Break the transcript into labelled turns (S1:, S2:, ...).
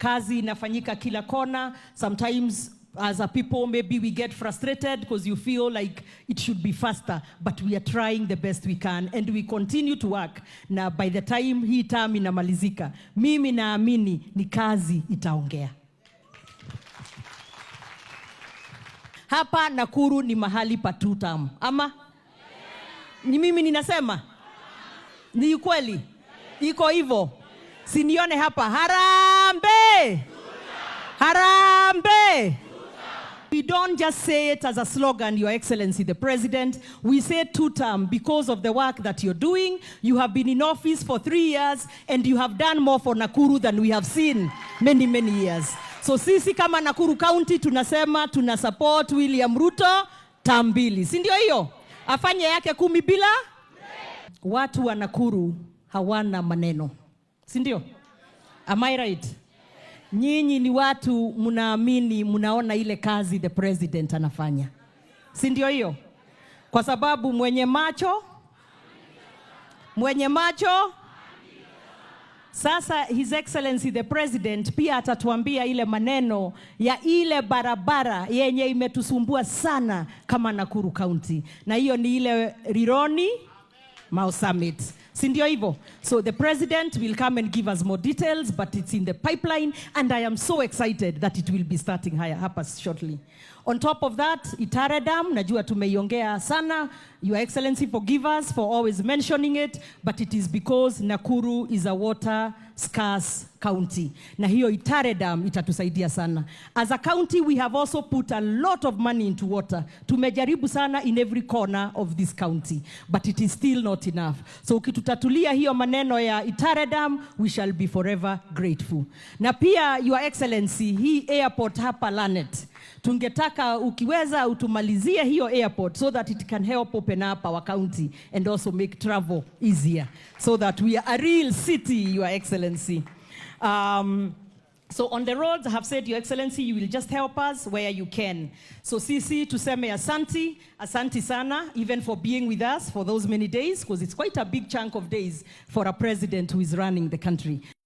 S1: kazi inafanyika kila kona. Sometimes as a people maybe we get frustrated because you feel like it should be faster but we are trying the best we can and we continue to work na by the time hii term inamalizika, mimi naamini ni kazi itaongea. Hapa Nakuru ni mahali pa two term ama ni mimi ninasema ni ukweli, iko hivyo, sinione hapa harambe Harambe. We don't just say it as a slogan, Your Excellency the President. We say two-term because of the work that you're doing. You have been in office for three years and you have done more for Nakuru than we have seen many, many years. So sisi kama Nakuru County tunasema tuna support William Ruto tambili. si ndio hiyo? Afanye yake kumi bila. Watu wa Nakuru hawana maneno, si ndio? Am I right? Nyinyi ni watu mnaamini, mnaona ile kazi the president anafanya, si ndio? Hiyo kwa sababu mwenye macho mwenye macho. Sasa His Excellency the President pia atatuambia ile maneno ya ile barabara yenye imetusumbua sana kama Nakuru County, na hiyo ni ile Rironi Mau Summit sindio ndio So the president will come and give us more details but it's in the pipeline and I am so excited that it will be starting higher hapa shortly. On top of that, itaredam najua tumeiongea sana Your Excellency, forgive us for always mentioning it, but it is because Nakuru is a water scarce county. Na hiyo Itare Dam itatusaidia sana. As a county, we have also put a lot of money into water. Tumejaribu sana in every corner of this county, but it is still not enough. So ukitutatulia hiyo maneno ya Itare Dam, we shall be forever grateful. Na pia Your Excellency, hii airport hapa Lanet tungetaka ukiweza utumalizie hiyo airport so that it can help open up our county and also make travel easier so that we are a real city your excellency um, So on the roads, I have said, Your Excellency, you will just help us where you can. So CC, tuseme asanti, asanti sana, even for being with us for those many days, because it's quite a big chunk of days for a president who is running the country.